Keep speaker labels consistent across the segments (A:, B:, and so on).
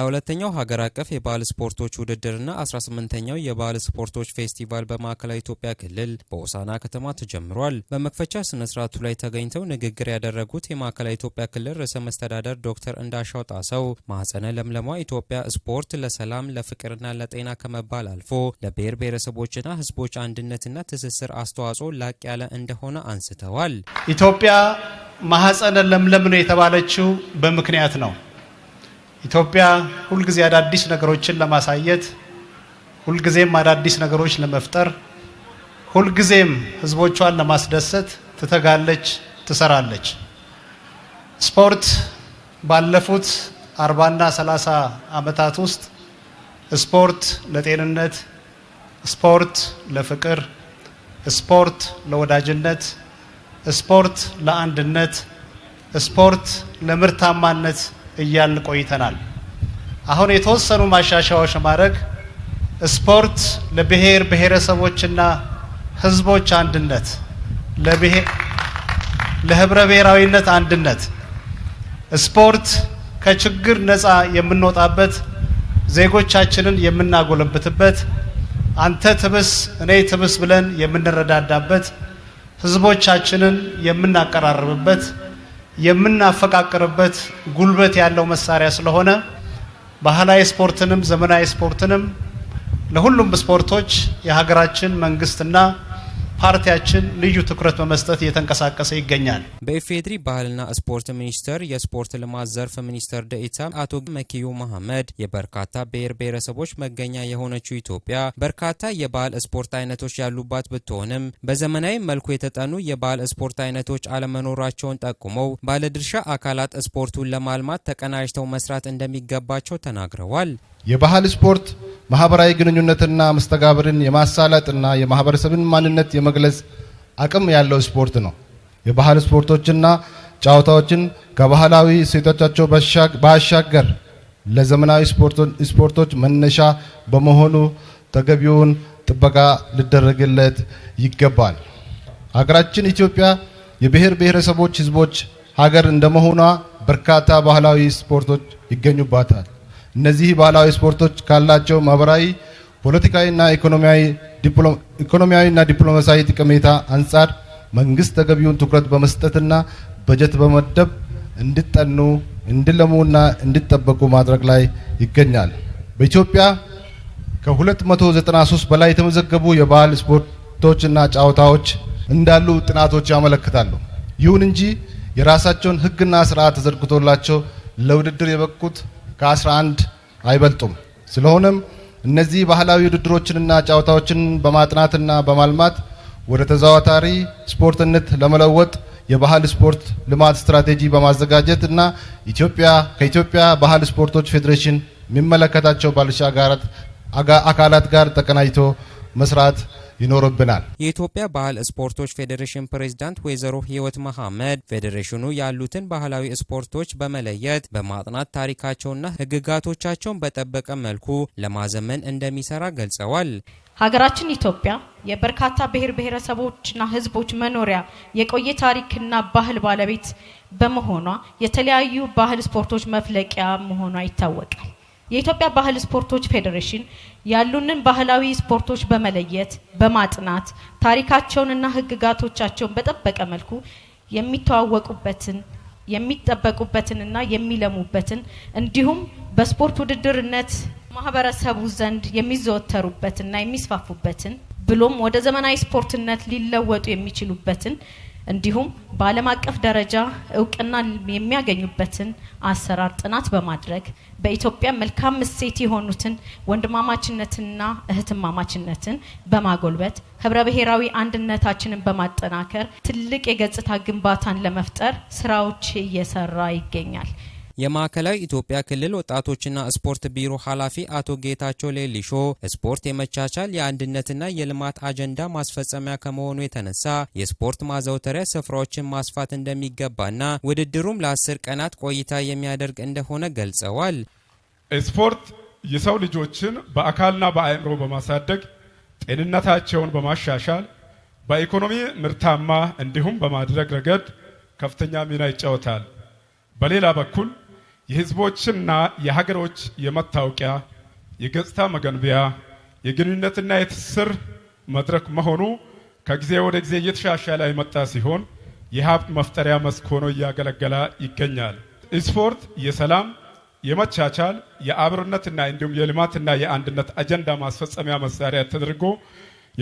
A: 22ኛው ሀገር አቀፍ የባህል ስፖርቶች ውድድርና 18ኛው የባህል ስፖርቶች ፌስቲቫል በማዕከላዊ ኢትዮጵያ ክልል በሆሳዕና ከተማ ተጀምሯል። በመክፈቻ ስነ ስርዓቱ ላይ ተገኝተው ንግግር ያደረጉት የማዕከላዊ ኢትዮጵያ ክልል ርዕሰ መስተዳደር ዶክተር እንዳሻው ጣሰው ማህፀነ ለምለሟ ኢትዮጵያ ስፖርት ለሰላም ለፍቅርና ለጤና ከመባል አልፎ ለብሔር ብሔረሰቦችና ሕዝቦች አንድነትና ትስስር አስተዋጽኦ ላቅ ያለ እንደሆነ አንስተዋል።
B: ኢትዮጵያ ማህፀነ ለምለም ነው የተባለችው በምክንያት ነው። ኢትዮጵያ ሁልጊዜ አዳዲስ ነገሮችን ለማሳየት ሁልጊዜም አዳዲስ ነገሮች ለመፍጠር ሁልጊዜም ህዝቦቿን ለማስደሰት ትተጋለች፣ ትሰራለች። ስፖርት ባለፉት አርባና ሰላሳ ዓመታት ውስጥ ስፖርት ለጤንነት፣ ስፖርት ለፍቅር፣ ስፖርት ለወዳጅነት፣ ስፖርት ለአንድነት፣ ስፖርት ለምርታማነት እያል ቆይተናል። አሁን የተወሰኑ ማሻሻያዎች ማድረግ ስፖርት ለብሔር ብሔረሰቦችና ህዝቦች አንድነት፣ ለህብረ ብሔራዊነት አንድነት፣ ስፖርት ከችግር ነፃ የምንወጣበት ዜጎቻችንን የምናጎለብትበት አንተ ትብስ እኔ ትብስ ብለን የምንረዳዳበት ህዝቦቻችንን የምናቀራርብበት የምናፈቃቅርበት ጉልበት ያለው መሳሪያ ስለሆነ ባህላዊ ስፖርትንም ዘመናዊ ስፖርትንም ለሁሉም ስፖርቶች የሀገራችን መንግስትና ፓርቲያችን ልዩ ትኩረት በመስጠት እየተንቀሳቀሰ ይገኛል።
A: በኢፌዴሪ ባህልና ስፖርት ሚኒስቴር የስፖርት ልማት ዘርፍ ሚኒስትር ደኢታ አቶ መኪዩ መሐመድ የበርካታ ብሔር ብሔረሰቦች መገኛ የሆነችው ኢትዮጵያ በርካታ የባህል ስፖርት አይነቶች ያሉባት ብትሆንም በዘመናዊ መልኩ የተጠኑ የባህል ስፖርት አይነቶች አለመኖራቸውን ጠቁመው ባለድርሻ አካላት ስፖርቱን ለማልማት ተቀናጅተው መስራት እንደሚገባቸው ተናግረዋል።
B: የባህል ስፖርት ማህበራዊ ግንኙነትና መስተጋብርን የማሳለጥና የማህበረሰብን ማንነት የመግለጽ አቅም ያለው ስፖርት ነው። የባህል ስፖርቶችና ጨዋታዎችን ከባህላዊ እሴቶቻቸው ባሻገር ለዘመናዊ ስፖርቶች መነሻ በመሆኑ ተገቢውን ጥበቃ ሊደረግለት ይገባል። ሀገራችን ኢትዮጵያ የብሔር ብሔረሰቦች፣ ህዝቦች ሀገር እንደመሆኗ በርካታ ባህላዊ ስፖርቶች ይገኙባታል። እነዚህ ባህላዊ ስፖርቶች ካላቸው ማህበራዊ፣ ፖለቲካዊና ኢኮኖሚያዊና ዲፕሎማሲያዊ ጠቀሜታ አንጻር መንግስት ተገቢውን ትኩረት በመስጠትና በጀት በመደብ እንዲጠኑ እንዲለሙና እንዲጠበቁ ማድረግ ላይ ይገኛል። በኢትዮጵያ ከ293 በላይ የተመዘገቡ የባህል ስፖርቶችና ጨዋታዎች እንዳሉ ጥናቶች ያመለክታሉ። ይሁን እንጂ የራሳቸውን ሕግና ስርዓት ተዘርግቶላቸው ለውድድር የበቁት ከ11 አይበልጡም። ስለሆነም እነዚህ ባህላዊ ውድድሮችንና ጨዋታዎችን በማጥናትና በማልማት ወደ ተዘዋታሪ ስፖርትነት ለመለወጥ የባህል ስፖርት ልማት ስትራቴጂ በማዘጋጀት እና ኢትዮጵያ ከኢትዮጵያ ባህል ስፖርቶች ፌዴሬሽን የሚመለከታቸው ባለድርሻ አካላት ጋር ተቀናጅቶ መስራት ይኖርብናል።
A: የኢትዮጵያ ባህል ስፖርቶች ፌዴሬሽን ፕሬዝዳንት ወይዘሮ ህይወት መሐመድ ፌዴሬሽኑ ያሉትን ባህላዊ ስፖርቶች በመለየት በማጥናት ታሪካቸውና ህግጋቶቻቸውን በጠበቀ መልኩ ለማዘመን እንደሚሰራ ገልጸዋል።
C: ሀገራችን ኢትዮጵያ የበርካታ ብሔር ብሔረሰቦችና ህዝቦች መኖሪያ የቆየ ታሪክና ባህል ባለቤት በመሆኗ የተለያዩ ባህል ስፖርቶች መፍለቂያ መሆኗ ይታወቃል። የኢትዮጵያ ባህል ስፖርቶች ፌዴሬሽን ያሉንን ባህላዊ ስፖርቶች በመለየት በማጥናት ታሪካቸውንና ህግጋቶቻቸውን በጠበቀ መልኩ የሚተዋወቁበትን የሚጠበቁበትንና የሚለሙበትን እንዲሁም በስፖርት ውድድርነት ማህበረሰቡ ዘንድ የሚዘወተሩበትና የሚስፋፉበትን ብሎም ወደ ዘመናዊ ስፖርትነት ሊለወጡ የሚችሉበትን እንዲሁም በዓለም አቀፍ ደረጃ እውቅና የሚያገኙበትን አሰራር ጥናት በማድረግ በኢትዮጵያ መልካም እሴት የሆኑትን ወንድማማችነትንና እህትማማችነትን በማጎልበት ህብረ ብሔራዊ አንድነታችንን በማጠናከር ትልቅ የገጽታ ግንባታን ለመፍጠር ስራዎች እየሰራ ይገኛል።
A: የማዕከላዊ ኢትዮጵያ ክልል ወጣቶችና ስፖርት ቢሮ ኃላፊ አቶ ጌታቸው ሌሊሾ ስፖርት የመቻቻል የአንድነትና የልማት አጀንዳ ማስፈጸሚያ ከመሆኑ የተነሳ የስፖርት ማዘውተሪያ ስፍራዎችን ማስፋት እንደሚገባና ውድድሩም ለአስር ቀናት ቆይታ የሚያደርግ እንደሆነ ገልጸዋል።
D: ስፖርት የሰው ልጆችን በአካልና በአእምሮ በማሳደግ ጤንነታቸውን በማሻሻል በኢኮኖሚ ምርታማ እንዲሁም በማድረግ ረገድ ከፍተኛ ሚና ይጫወታል። በሌላ በኩል የህዝቦችና የሀገሮች የመታወቂያ የገጽታ መገንቢያ የግንኙነትና የትስስር መድረክ መሆኑ ከጊዜ ወደ ጊዜ እየተሻሻለ የመጣ ሲሆን የሀብት መፍጠሪያ መስክ ሆኖ እያገለገለ ይገኛል። ስፖርት የሰላም፣ የመቻቻል፣ የአብርነትና እንዲሁም የልማትና የአንድነት አጀንዳ ማስፈጸሚያ መሳሪያ ተደርጎ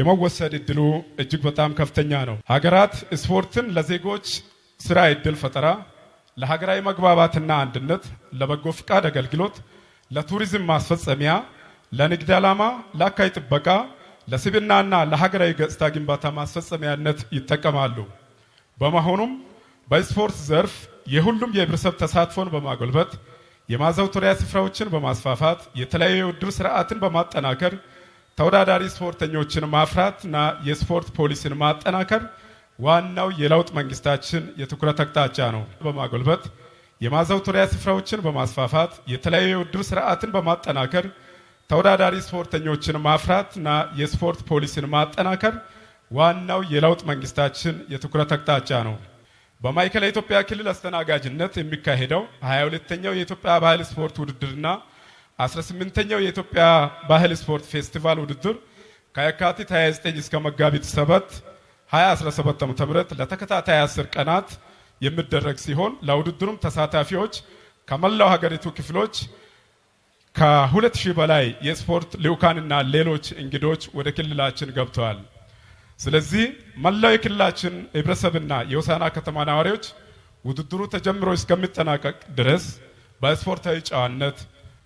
D: የመወሰድ እድሉ እጅግ በጣም ከፍተኛ ነው። ሀገራት ስፖርትን ለዜጎች ስራ እድል ፈጠራ ለሀገራዊ መግባባትና አንድነት፣ ለበጎ ፍቃድ አገልግሎት፣ ለቱሪዝም ማስፈጸሚያ፣ ለንግድ ዓላማ፣ ለአካይ ጥበቃ፣ ለስብናና ለሀገራዊ ገጽታ ግንባታ ማስፈጸሚያነት ይጠቀማሉ። በመሆኑም በስፖርት ዘርፍ የሁሉም የህብረተሰብ ተሳትፎን በማጎልበት የማዘውተሪያ ስፍራዎችን በማስፋፋት የተለያዩ የውድድር ስርዓትን በማጠናከር ተወዳዳሪ ስፖርተኞችን ማፍራትና የስፖርት ፖሊሲን ማጠናከር ዋናው የለውጥ መንግስታችን የትኩረት አቅጣጫ ነው። በማጎልበት የማዘውተሪያ ስፍራዎችን በማስፋፋት የተለያዩ የውድድር ስርዓትን በማጠናከር ተወዳዳሪ ስፖርተኞችን ማፍራትና የስፖርት ፖሊሲን ማጠናከር ዋናው የለውጥ መንግስታችን የትኩረት አቅጣጫ ነው። በማዕከላዊ ኢትዮጵያ ክልል አስተናጋጅነት የሚካሄደው 22ኛው የኢትዮጵያ ባህል ስፖርት ውድድርና 18ኛው የኢትዮጵያ ባህል ስፖርት ፌስቲቫል ውድድር ከየካቲት 29 እስከ መጋቢት 7 2017 ዓ.ም ለተከታታይ 10 ቀናት የሚደረግ ሲሆን ለውድድሩም ተሳታፊዎች ከመላው ሀገሪቱ ክፍሎች ከ2000 በላይ የስፖርት ልዑካንና ሌሎች እንግዶች ወደ ክልላችን ገብተዋል። ስለዚህ መላው የክልላችን ህብረተሰብና የሆሳዕና ከተማ ነዋሪዎች ውድድሩ ተጀምሮ እስከሚጠናቀቅ ድረስ በስፖርታዊ ጨዋነት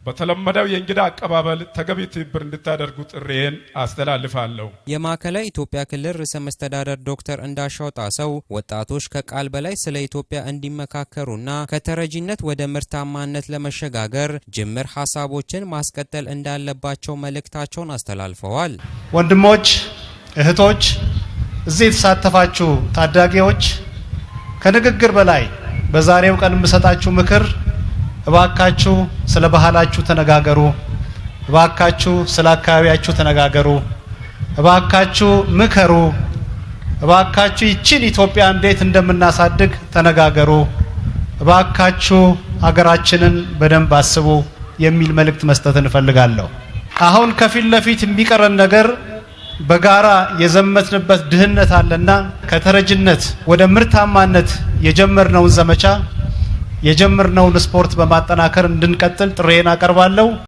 D: በተለመደው የእንግዳ አቀባበል ተገቢ ትብብር እንድታደርጉ ጥሪዬን አስተላልፋለሁ።
A: የማዕከላዊ ኢትዮጵያ ክልል ርዕሰ መስተዳደር ዶክተር እንዳሻው ጣሰው ወጣቶች ከቃል በላይ ስለ ኢትዮጵያ እንዲመካከሩና ከተረጂነት ወደ ምርታማነት ለመሸጋገር ጅምር ሀሳቦችን ማስቀጠል እንዳለባቸው መልእክታቸውን አስተላልፈዋል።
B: ወንድሞች፣ እህቶች፣ እዚህ የተሳተፋችሁ ታዳጊዎች ከንግግር በላይ በዛሬው ቀን የምሰጣችሁ ምክር እባካችሁ ስለ ባህላችሁ ተነጋገሩ። እባካችሁ ስለ አካባቢያችሁ ተነጋገሩ። እባካችሁ ምከሩ። እባካችሁ ይችን ኢትዮጵያ እንዴት እንደምናሳድግ ተነጋገሩ። እባካችሁ አገራችንን በደንብ አስቡ የሚል መልእክት መስጠት እንፈልጋለሁ። አሁን ከፊት ለፊት የሚቀረን ነገር በጋራ የዘመትንበት ድህነት አለና ከተረጅነት ወደ ምርታማነት የጀመርነውን ዘመቻ የጀመርነውን ስፖርት በማጠናከር እንድንቀጥል ጥሬን አቀርባለሁ።